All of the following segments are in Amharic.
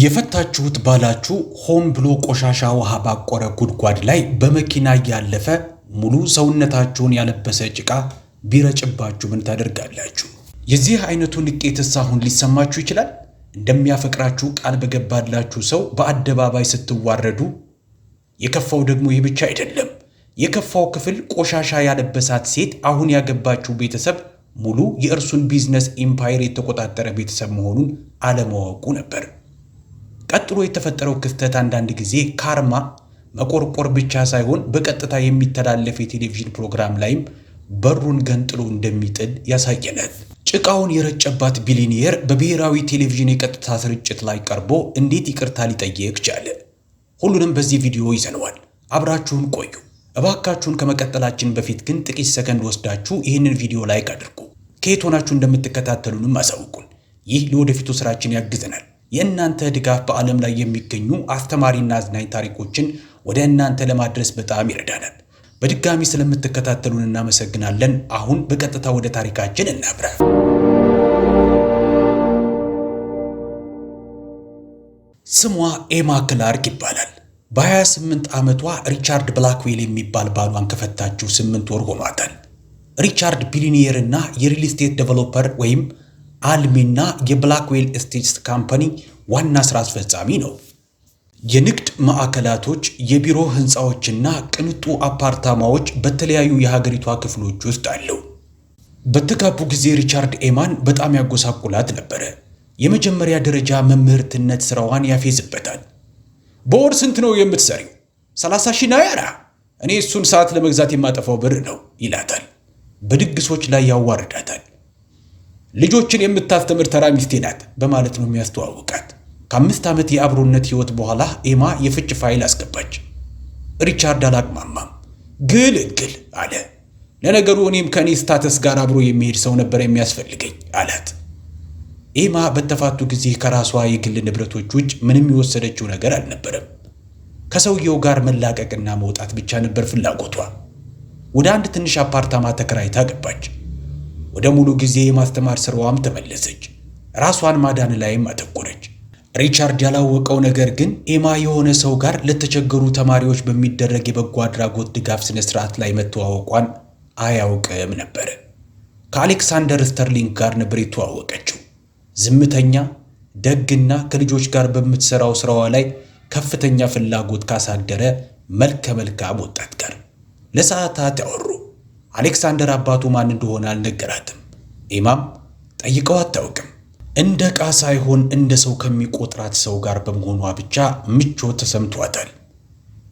የፈታችሁት ባላችሁ ሆን ብሎ ቆሻሻ ውሃ ባቆረ ጉድጓድ ላይ በመኪና እያለፈ ሙሉ ሰውነታችሁን ያለበሰ ጭቃ ቢረጭባችሁ ምን ታደርጋላችሁ? የዚህ አይነቱ ንቄትስ አሁን ሊሰማችሁ ይችላል? እንደሚያፈቅራችሁ ቃል በገባላችሁ ሰው በአደባባይ ስትዋረዱ፣ የከፋው ደግሞ ይህ ብቻ አይደለም። የከፋው ክፍል ቆሻሻ ያለበሳት ሴት አሁን ያገባችሁ ቤተሰብ ሙሉ የእርሱን ቢዝነስ ኢምፓየር የተቆጣጠረ ቤተሰብ መሆኑን አለማወቁ ነበር። ቀጥሎ የተፈጠረው ክፍተት አንዳንድ ጊዜ ካርማ መቆርቆር ብቻ ሳይሆን በቀጥታ የሚተላለፍ የቴሌቪዥን ፕሮግራም ላይም በሩን ገንጥሎ እንደሚጥል ያሳየናል። ጭቃውን የረጨባት ቢሊኒየር በብሔራዊ ቴሌቪዥን የቀጥታ ስርጭት ላይ ቀርቦ እንዴት ይቅርታ ሊጠየቅ ቻለ? ሁሉንም በዚህ ቪዲዮ ይዘነዋል። አብራችሁን ቆዩ። እባካችሁን ከመቀጠላችን በፊት ግን ጥቂት ሰከንድ ወስዳችሁ ይህንን ቪዲዮ ላይክ አድርጉ። ከየት ሆናችሁ እንደምትከታተሉንም አሳውቁን። ይህ ለወደፊቱ ስራችን ያግዘናል። የእናንተ ድጋፍ በዓለም ላይ የሚገኙ አስተማሪና አዝናኝ ታሪኮችን ወደ እናንተ ለማድረስ በጣም ይረዳናል። በድጋሚ ስለምትከታተሉን እናመሰግናለን። አሁን በቀጥታ ወደ ታሪካችን እናብራ። ስሟ ኤማ ክላርክ ይባላል። በ28 ዓመቷ ሪቻርድ ብላክዌል የሚባል ባሏን ከፈታችው ስምንት ወር ሆኗታል። ሪቻርድ ቢሊኒየር እና የሪል ስቴት ዴቨሎፐር ወይም አልሚና የብላክዌል ስቴትስ ካምፓኒ ዋና ሥራ አስፈጻሚ ነው። የንግድ ማዕከላቶች፣ የቢሮ ሕንፃዎችና ቅንጡ አፓርታማዎች በተለያዩ የሀገሪቷ ክፍሎች ውስጥ አለው። በተጋቡ ጊዜ ሪቻርድ ኤማን በጣም ያጎሳቁላት ነበረ። የመጀመሪያ ደረጃ መምህርትነት ሥራዋን ያፌዝበታል። በወር ስንት ነው የምትሰሪው? 30 ሺህ ናያራ። እኔ እሱን ሰዓት ለመግዛት የማጠፋው ብር ነው ይላታል። በድግሶች ላይ ያዋርዳታል። ልጆችን የምታስተምር ተራ ሚስቴ ናት በማለት ነው የሚያስተዋውቃት። ከአምስት ዓመት የአብሮነት ሕይወት በኋላ ኤማ የፍች ፋይል አስገባች። ሪቻርድ አላቅማማም። ግል አለ። ለነገሩ እኔም ከእኔ ስታተስ ጋር አብሮ የሚሄድ ሰው ነበር የሚያስፈልገኝ አላት። ኤማ በተፋቱ ጊዜ ከራሷ የግል ንብረቶች ውጭ ምንም የወሰደችው ነገር አልነበረም። ከሰውየው ጋር መላቀቅና መውጣት ብቻ ነበር ፍላጎቷ። ወደ አንድ ትንሽ አፓርታማ ተከራይታ ገባች። ወደ ሙሉ ጊዜ የማስተማር ስራዋም ተመለሰች። ራሷን ማዳን ላይም አተኮረች። ሪቻርድ ያላወቀው ነገር ግን ኤማ የሆነ ሰው ጋር ለተቸገሩ ተማሪዎች በሚደረግ የበጎ አድራጎት ድጋፍ ስነ ስርዓት ላይ መተዋወቋን አያውቅም ነበር። ከአሌክሳንደር ስተርሊንግ ጋር ነበር የተዋወቀችው። ዝምተኛ ደግና ከልጆች ጋር በምትሰራው ስራዋ ላይ ከፍተኛ ፍላጎት ካሳደረ መልከ መልካም ወጣት ጋር ለሰዓታት ያወሩ። አሌክሳንደር አባቱ ማን እንደሆነ አልነገራትም። ኢማም ጠይቀው አታውቅም። እንደ ዕቃ ሳይሆን እንደ ሰው ከሚቆጥራት ሰው ጋር በመሆኗ ብቻ ምቾት ተሰምቷታል።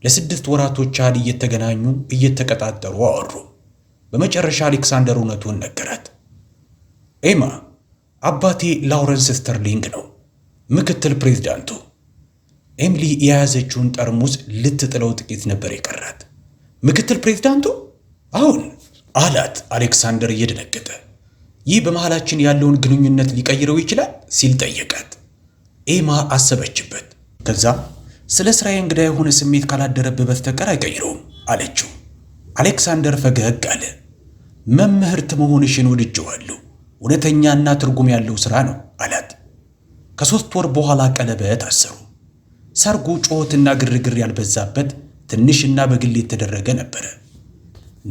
ለስድስት ወራቶች ያህል እየተገናኙ እየተቀጣጠሩ አወሩ። በመጨረሻ አሌክሳንደር እውነቱን ነገራት። ኤማ አባቴ ላውረንስ ስተርሊንግ ነው ምክትል ፕሬዚዳንቱ ኤሚሊ የያዘችውን ጠርሙስ ልትጥለው ጥቂት ነበር የቀራት። ምክትል ፕሬዝዳንቱ አሁን አላት አሌክሳንደር እየደነገጠ። ይህ በመሃላችን ያለውን ግንኙነት ሊቀይረው ይችላል ሲል ጠየቃት። ኤማ አሰበችበት። ከዛ ስለ ስራዬ እንግዳ የሆነ ስሜት ካላደረብህ በስተቀር አይቀይረውም አለችው። አሌክሳንደር ፈገግ አለ። መምህርት መሆንሽን ወድጀዋለሁ፣ እውነተኛና ትርጉም ያለው ሥራ ነው አላት። ከሦስት ወር በኋላ ቀለበት አሰሩ። ሰርጉ ጩኸትና ግርግር ያልበዛበት ትንሽና በግል የተደረገ ነበረ።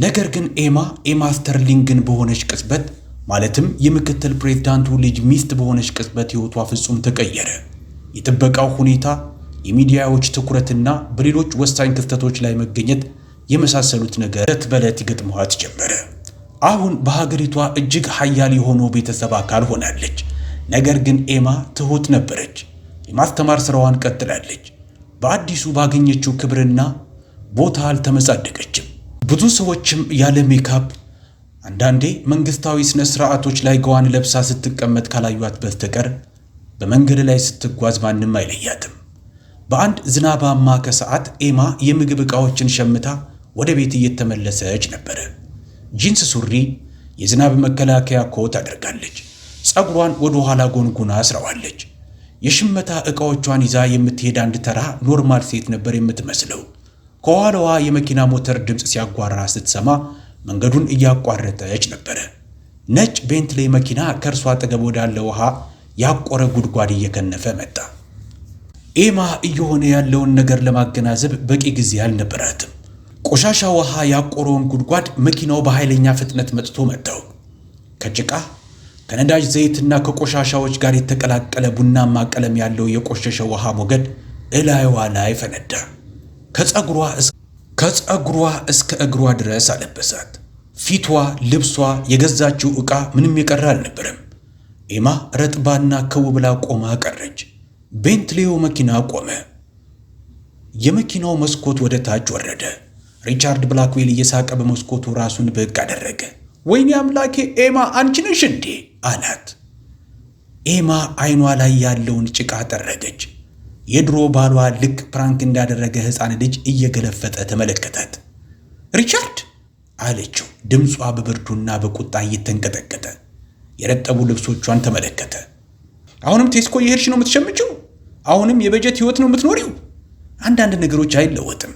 ነገር ግን ኤማ ኤማ ስተርሊንግን በሆነች ቅጽበት ማለትም የምክትል ፕሬዝዳንቱ ልጅ ሚስት በሆነች ቅጽበት ሕይወቷ ፍጹም ተቀየረ። የጥበቃው ሁኔታ፣ የሚዲያዎች ትኩረትና በሌሎች ወሳኝ ክስተቶች ላይ መገኘት የመሳሰሉት ነገር ዕለት በዕለት ይገጥመዋት ጀመረ። አሁን በሀገሪቷ እጅግ ሀያል የሆነው ቤተሰብ አካል ሆናለች። ነገር ግን ኤማ ትሑት ነበረች። የማስተማር ስራዋን ቀጥላለች። በአዲሱ ባገኘችው ክብርና ቦታ አልተመጻደቀችም። ብዙ ሰዎችም ያለ ሜካፕ አንዳንዴ መንግስታዊ ስነ ስርዓቶች ላይ ገዋን ለብሳ ስትቀመጥ ካላዩት በስተቀር በመንገድ ላይ ስትጓዝ ማንም አይለያትም። በአንድ ዝናባማ ከሰዓት ኤማ የምግብ ዕቃዎችን ሸምታ ወደ ቤት እየተመለሰች ነበረ። ጂንስ ሱሪ፣ የዝናብ መከላከያ ኮት አድርጋለች። ጸጉሯን ወደ ኋላ ጎንጉና ስረዋለች። የሽመታ ዕቃዎቿን ይዛ የምትሄድ አንድ ተራ ኖርማል ሴት ነበር የምትመስለው። ከኋላዋ የመኪና ሞተር ድምፅ ሲያጓራ ስትሰማ መንገዱን እያቋረጠች ነበረ። ነጭ ቤንትሌ መኪና ከእርሷ አጠገብ ወዳለ ውሃ ያቆረ ጉድጓድ እየከነፈ መጣ። ኤማ እየሆነ ያለውን ነገር ለማገናዘብ በቂ ጊዜ አልነበራትም። ቆሻሻ ውሃ ያቆረውን ጉድጓድ መኪናው በኃይለኛ ፍጥነት መጥቶ መጣው። ከጭቃ ከነዳጅ ዘይትና ከቆሻሻዎች ጋር የተቀላቀለ ቡናማ ቀለም ያለው የቆሸሸ ውሃ ሞገድ እላይዋ ላይ ፈነዳ። ከጸጉሯ እስከ እግሯ ድረስ አለበሳት። ፊቷ፣ ልብሷ፣ የገዛችው ዕቃ ምንም የቀረ አልነበረም። ኤማ ረጥባና ክው ብላ ቆማ ቀረች። ቤንትሌው መኪና ቆመ። የመኪናው መስኮት ወደ ታች ወረደ። ሪቻርድ ብላክዌል እየሳቀ በመስኮቱ ራሱን ብቅ አደረገ። ወይኔ አምላኬ ኤማ አንቺ ነሽ እንዴ? አላት። ኤማ አይኗ ላይ ያለውን ጭቃ ጠረገች። የድሮ ባሏ ልክ ፕራንክ እንዳደረገ ሕፃን ልጅ እየገለፈጠ ተመለከታት። ሪቻርድ አለችው፣ ድምጿ በብርዱና በቁጣ እየተንቀጠቀጠ። የረጠቡ ልብሶቿን ተመለከተ። አሁንም ቴስኮ የሄድሽ ነው የምትሸምችው? አሁንም የበጀት ህይወት ነው የምትኖሪው? አንዳንድ ነገሮች አይለወጥም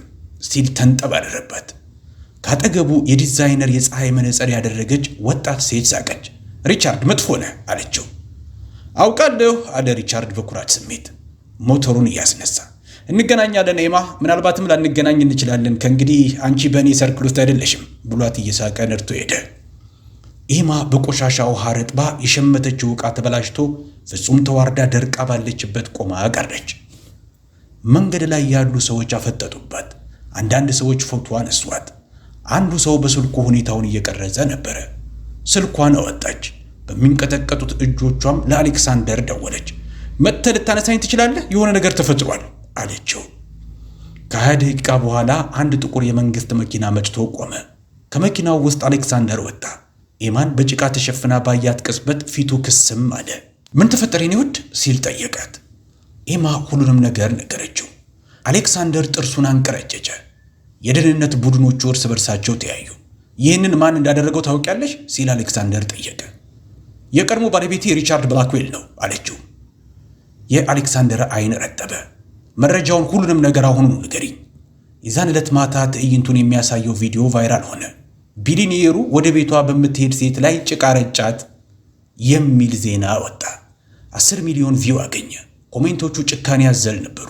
ሲል ተንጠባረረባት። ካጠገቡ የዲዛይነር የፀሐይ መነጽር ያደረገች ወጣት ሴት ሳቀች። ሪቻርድ መጥፎ ነህ አለችው። አውቃለሁ አለ ሪቻርድ በኩራት ስሜት ሞተሩን እያስነሳ እንገናኛለን ኤማ፣ ምናልባትም ላንገናኝ እንችላለን። ከእንግዲህ አንቺ በእኔ ሰርክል ውስጥ አይደለሽም ብሏት እየሳቀ ነድቶ ሄደ። ኤማ በቆሻሻ ውሃ ረጥባ የሸመተችው ዕቃ ተበላሽቶ ፍጹም ተዋርዳ ደርቃ ባለችበት ቆማ ቀረች። መንገድ ላይ ያሉ ሰዎች አፈጠጡባት። አንዳንድ ሰዎች ፎቶ አነሷት። አንዱ ሰው በስልኩ ሁኔታውን እየቀረጸ ነበረ። ስልኳን አወጣች። በሚንቀጠቀጡት እጆቿም ለአሌክሳንደር ደወለች። መጥተህ ልታነሳኝ ትችላለህ? የሆነ ነገር ተፈጥሯል አለችው። ከሀያ ደቂቃ በኋላ አንድ ጥቁር የመንግስት መኪና መጭቶ ቆመ። ከመኪናው ውስጥ አሌክሳንደር ወጣ። ኤማን በጭቃ ተሸፍና ባያት ቅጽበት ፊቱ ክስም አለ። ምን ተፈጠረ የኔ ውድ ሲል ጠየቃት። ኤማ ሁሉንም ነገር ነገረችው። አሌክሳንደር ጥርሱን አንቀረጨጨ። የደህንነት ቡድኖቹ እርስ በርሳቸው ተያዩ። ይህንን ማን እንዳደረገው ታውቂያለሽ? ሲል አሌክሳንደር ጠየቀ። የቀድሞ ባለቤቴ ሪቻርድ ብላክዌል ነው አለችው። የአሌክሳንደር አይን ረጠበ። መረጃውን ሁሉንም ነገር አሁኑኑ ንገሪኝ። የዛን ዕለት ማታ ትዕይንቱን የሚያሳየው ቪዲዮ ቫይራል ሆነ። ቢሊኒየሩ ወደ ቤቷ በምትሄድ ሴት ላይ ጭቃ ረጫት የሚል ዜና ወጣ። አስር ሚሊዮን ቪው አገኘ። ኮሜንቶቹ ጭካኔ ያዘል ነበሩ።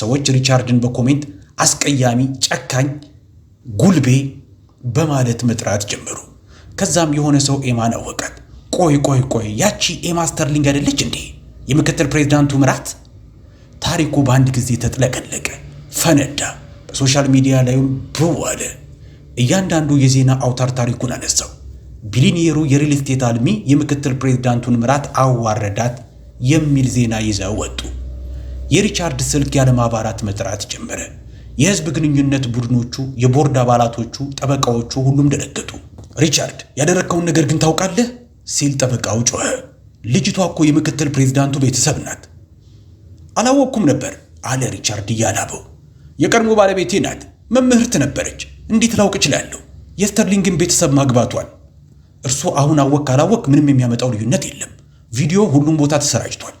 ሰዎች ሪቻርድን በኮሜንት አስቀያሚ፣ ጨካኝ፣ ጉልቤ በማለት መጥራት ጀመሩ። ከዛም የሆነ ሰው ኤማን አወቃት። ቆይ ቆይ ቆይ፣ ያቺ ኤማ ስተርሊንግ አይደለች እንዴ? የምክትል ፕሬዚዳንቱ ምራት ታሪኩ በአንድ ጊዜ ተጥለቀለቀ፣ ፈነዳ፣ በሶሻል ሚዲያ ላይ ብው አለ። እያንዳንዱ የዜና አውታር ታሪኩን አነሳው። ቢሊኒየሩ የሪል ስቴት አልሚ የምክትል ፕሬዚዳንቱን ምራት አዋረዳት የሚል ዜና ይዘው ወጡ። የሪቻርድ ስልክ ያለማባራት መጥራት ጀመረ። የህዝብ ግንኙነት ቡድኖቹ፣ የቦርድ አባላቶቹ፣ ጠበቃዎቹ ሁሉም ደነገጡ። ሪቻርድ ያደረግከውን ነገር ግን ታውቃለህ ሲል ጠበቃው ጮኸ። ልጅቷ እኮ የምክትል ፕሬዝዳንቱ ቤተሰብ ናት። አላወቅኩም ነበር አለ ሪቻርድ እያላበው። የቀድሞ ባለቤቴ ናት፣ መምህርት ነበረች። እንዴት ላውቅ እችላለሁ የስተርሊንግን ቤተሰብ ማግባቷን? እርሱ አሁን አወቅ ካላወቅ ምንም የሚያመጣው ልዩነት የለም። ቪዲዮ ሁሉም ቦታ ተሰራጭቷል።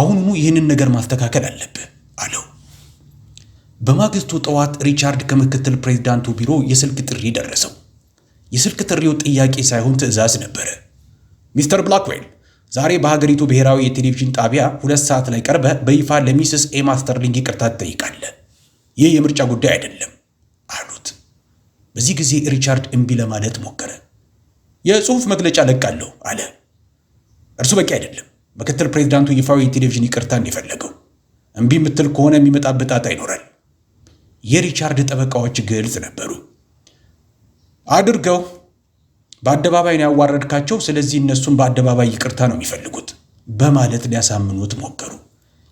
አሁኑኑ ይህንን ነገር ማስተካከል አለብህ አለው። በማግስቱ ጠዋት ሪቻርድ ከምክትል ፕሬዝዳንቱ ቢሮ የስልክ ጥሪ ደረሰው። የስልክ ጥሪው ጥያቄ ሳይሆን ትዕዛዝ ነበረ። ሚስተር ብላክዌል ዛሬ በሀገሪቱ ብሔራዊ የቴሌቪዥን ጣቢያ ሁለት ሰዓት ላይ ቀርበ በይፋ ለሚስስ ኤማ ስተርሊንግ ይቅርታ ትጠይቃለ። ይህ የምርጫ ጉዳይ አይደለም አሉት። በዚህ ጊዜ ሪቻርድ እምቢ ለማለት ሞከረ። የጽሑፍ መግለጫ ለቃለሁ አለ። እርሱ በቂ አይደለም። ምክትል ፕሬዚዳንቱ ይፋዊ የቴሌቪዥን ይቅርታን የፈለገው እምቢ ምትል ከሆነ የሚመጣበት ጣጣ ይኖራል። የሪቻርድ ጠበቃዎች ግልጽ ነበሩ። አድርገው በአደባባይ ነው ያዋረድካቸው፣ ስለዚህ እነሱን በአደባባይ ይቅርታ ነው የሚፈልጉት በማለት ሊያሳምኑት ሞከሩ።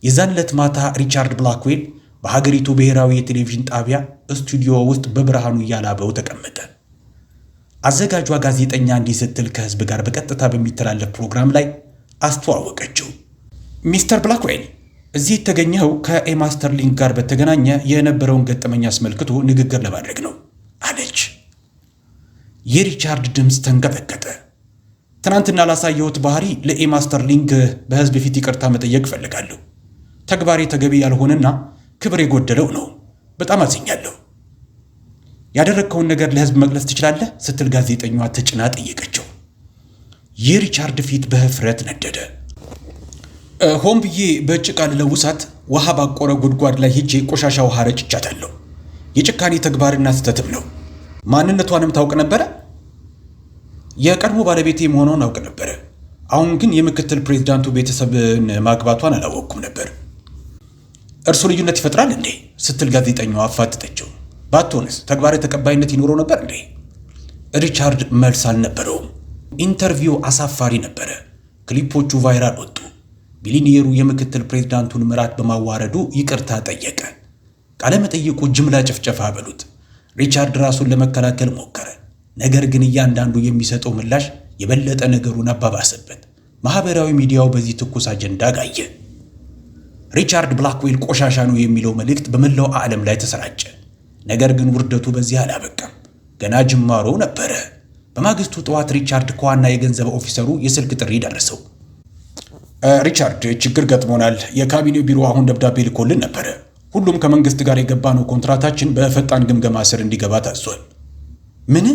የዛን ዕለት ማታ ሪቻርድ ብላክዌል በሀገሪቱ ብሔራዊ የቴሌቪዥን ጣቢያ ስቱዲዮ ውስጥ በብርሃኑ እያላበው ተቀመጠ። አዘጋጇ ጋዜጠኛ እንዲህ ስትል ከህዝብ ጋር በቀጥታ በሚተላለፍ ፕሮግራም ላይ አስተዋወቀችው። ሚስተር ብላክዌል እዚህ የተገኘኸው ከኤማ ስተርሊንግ ጋር በተገናኘ የነበረውን ገጠመኝ አስመልክቶ ንግግር ለማድረግ ነው አለች። የሪቻርድ ድምፅ ተንቀጠቀጠ። ትናንትና ላሳየሁት ባህሪ ለኤማ ስተርሊንግ በህዝብ ፊት ይቅርታ መጠየቅ እፈልጋለሁ። ተግባሬ ተገቢ ያልሆነና ክብር የጎደለው ነው። በጣም አዝኛለሁ። ያደረግከውን ነገር ለህዝብ መግለጽ ትችላለህ? ስትል ጋዜጠኛዋ ተጭና ጠየቀችው። የሪቻርድ ፊት በህፍረት ነደደ። ሆን ብዬ በጭቃ ልለውሳት ውሃ ባቆረ ጉድጓድ ላይ ሄጄ ቆሻሻ ውሃ ረጭቻታለሁ። የጭካኔ ተግባርና ስህተትም ነው ማንነቷንም ታውቅ ነበረ። የቀድሞ ባለቤቴ መሆኗን አውቅ ነበረ። አሁን ግን የምክትል ፕሬዚዳንቱ ቤተሰብን ማግባቷን አላወቅኩም ነበር። እርሱ ልዩነት ይፈጥራል እንዴ? ስትል ጋዜጠኛው አፋጥጠችው። ባትሆንስ ተግባራዊ ተቀባይነት ይኖረው ነበር እንዴ? ሪቻርድ መልስ አልነበረውም። ኢንተርቪው አሳፋሪ ነበረ። ክሊፖቹ ቫይራል ወጡ። ቢሊኒየሩ የምክትል ፕሬዚዳንቱን ምራት በማዋረዱ ይቅርታ ጠየቀ። ቃለመጠይቁ ጅምላ ጭፍጨፋ በሉት። ሪቻርድ ራሱን ለመከላከል ሞከረ። ነገር ግን እያንዳንዱ የሚሰጠው ምላሽ የበለጠ ነገሩን አባባሰበት። ማኅበራዊ ሚዲያው በዚህ ትኩስ አጀንዳ ጋየ። ሪቻርድ ብላክዌል ቆሻሻ ነው የሚለው መልእክት በመላው ዓለም ላይ ተሰራጨ። ነገር ግን ውርደቱ በዚህ አላበቃም፣ ገና ጅማሮ ነበረ። በማግስቱ ጠዋት ሪቻርድ ከዋና የገንዘብ ኦፊሰሩ የስልክ ጥሪ ደረሰው። ሪቻርድ ችግር ገጥሞናል፣ የካቢኔ ቢሮ አሁን ደብዳቤ ልኮልን ነበረ ሁሉም ከመንግስት ጋር የገባ ነው ኮንትራታችን በፈጣን ግምገማ ስር እንዲገባ ታዟል። ምን?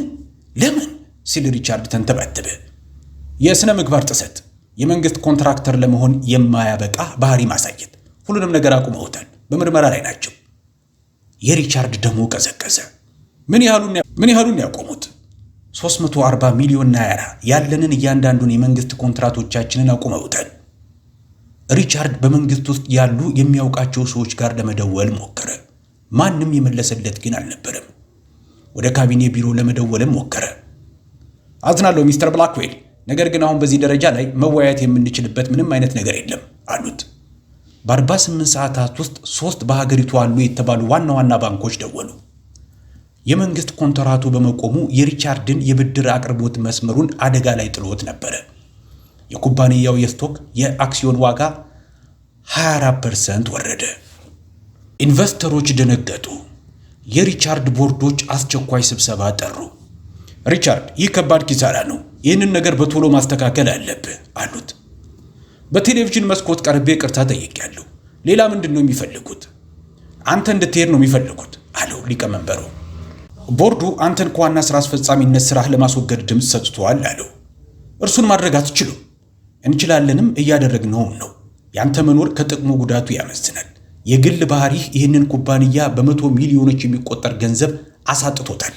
ለምን? ሲል ሪቻርድ ተንተባተበ። የሥነ ምግባር ጥሰት፣ የመንግስት ኮንትራክተር ለመሆን የማያበቃ ባህሪ ማሳየት፣ ሁሉንም ነገር አቁመውታል። በምርመራ ላይ ናቸው። የሪቻርድ ደሞ ቀዘቀዘ። ምን ያህሉን ያቆሙት? 340 ሚሊዮን ናያራ ያለንን እያንዳንዱን የመንግስት ኮንትራቶቻችንን አቁመውታል። ሪቻርድ በመንግስት ውስጥ ያሉ የሚያውቃቸው ሰዎች ጋር ለመደወል ሞከረ። ማንም የመለሰለት ግን አልነበረም። ወደ ካቢኔ ቢሮ ለመደወልም ሞከረ። አዝናለሁ ሚስተር ብላክዌል፣ ነገር ግን አሁን በዚህ ደረጃ ላይ መወያየት የምንችልበት ምንም አይነት ነገር የለም አሉት። በ48 ሰዓታት ውስጥ ሶስት በሀገሪቱ አሉ የተባሉ ዋና ዋና ባንኮች ደወሉ። የመንግስት ኮንትራቱ በመቆሙ የሪቻርድን የብድር አቅርቦት መስመሩን አደጋ ላይ ጥሎት ነበረ። የኩባንያው የስቶክ የአክሲዮን ዋጋ 24 ፐርሰንት ወረደ። ኢንቨስተሮች ደነገጡ። የሪቻርድ ቦርዶች አስቸኳይ ስብሰባ ጠሩ። ሪቻርድ፣ ይህ ከባድ ኪሳራ ነው። ይህንን ነገር በቶሎ ማስተካከል አለብህ አሉት። በቴሌቪዥን መስኮት ቀርቤ ቅርታ ጠይቄያለሁ። ሌላ ምንድን ነው የሚፈልጉት? አንተ እንድትሄድ ነው የሚፈልጉት አለው ሊቀመንበሩ። ቦርዱ አንተን ከዋና ስራ አስፈጻሚነት ስራ ለማስወገድ ድምፅ ሰጥተዋል አለው። እርሱን ማድረግ አትችሉም እንችላለንም እያደረግነው ነው። ያንተ መኖር ከጥቅሙ ጉዳቱ ያመዝናል። የግል ባህሪህ ይህንን ኩባንያ በመቶ ሚሊዮኖች የሚቆጠር ገንዘብ አሳጥቶታል።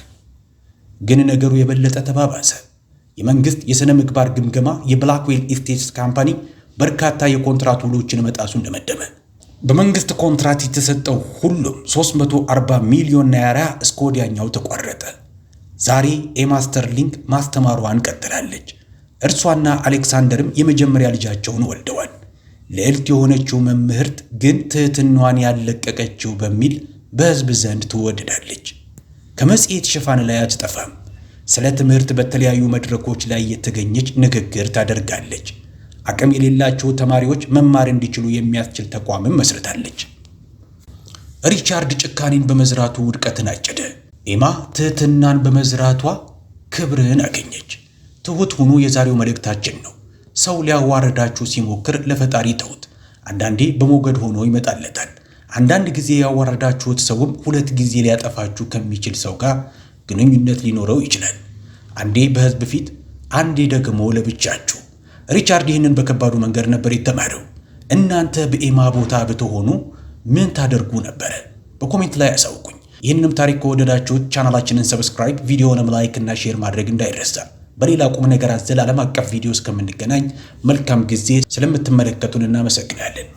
ግን ነገሩ የበለጠ ተባባሰ። የመንግስት የሥነ ምግባር ግምገማ የብላክዌል ኢስቴትስ ካምፓኒ በርካታ የኮንትራት ውሎችን መጣሱን ደመደመ። በመንግስት ኮንትራት የተሰጠው ሁሉም 340 ሚሊዮን ናያራ እስከ ወዲያኛው ተቋረጠ። ዛሬ ኤማስተር ሊንክ ማስተማሯን ቀጥላለች። እርሷና አሌክሳንደርም የመጀመሪያ ልጃቸውን ወልደዋል። ልዕልት የሆነችው መምህርት ግን ትሕትናዋን ያለቀቀችው በሚል በሕዝብ ዘንድ ትወደዳለች። ከመጽሔት ሽፋን ላይ አትጠፋም። ስለ ትምህርት በተለያዩ መድረኮች ላይ የተገኘች ንግግር ታደርጋለች። አቅም የሌላቸው ተማሪዎች መማር እንዲችሉ የሚያስችል ተቋምም መስርታለች። ሪቻርድ ጭካኔን በመዝራቱ ውድቀትን አጨደ። ኤማ ትሕትናን በመዝራቷ ክብርን አገኘች። ትሁት ሁኑ የዛሬው መልእክታችን ነው። ሰው ሊያዋርዳችሁ ሲሞክር ለፈጣሪ ተውት አንዳንዴ በሞገድ ሆኖ ይመጣለታል። አንዳንድ ጊዜ ያዋረዳችሁት ሰውም ሁለት ጊዜ ሊያጠፋችሁ ከሚችል ሰው ጋር ግንኙነት ሊኖረው ይችላል። አንዴ በህዝብ ፊት፣ አንዴ ደግሞ ለብቻችሁ። ሪቻርድ ይህንን በከባዱ መንገድ ነበር የተማረው። እናንተ በኤማ ቦታ ብትሆኑ ምን ታደርጉ ነበረ? በኮሜንት ላይ አሳውቁኝ። ይህንንም ታሪክ ከወደዳችሁት ቻናላችንን ሰብስክራይብ፣ ቪዲዮንም ላይክ እና ሼር ማድረግ እንዳይረሳ። በሌላ ቁም ነገር አዘል ዓለም አቀፍ ቪዲዮ እስከምንገናኝ መልካም ጊዜ። ስለምትመለከቱን እናመሰግናለን።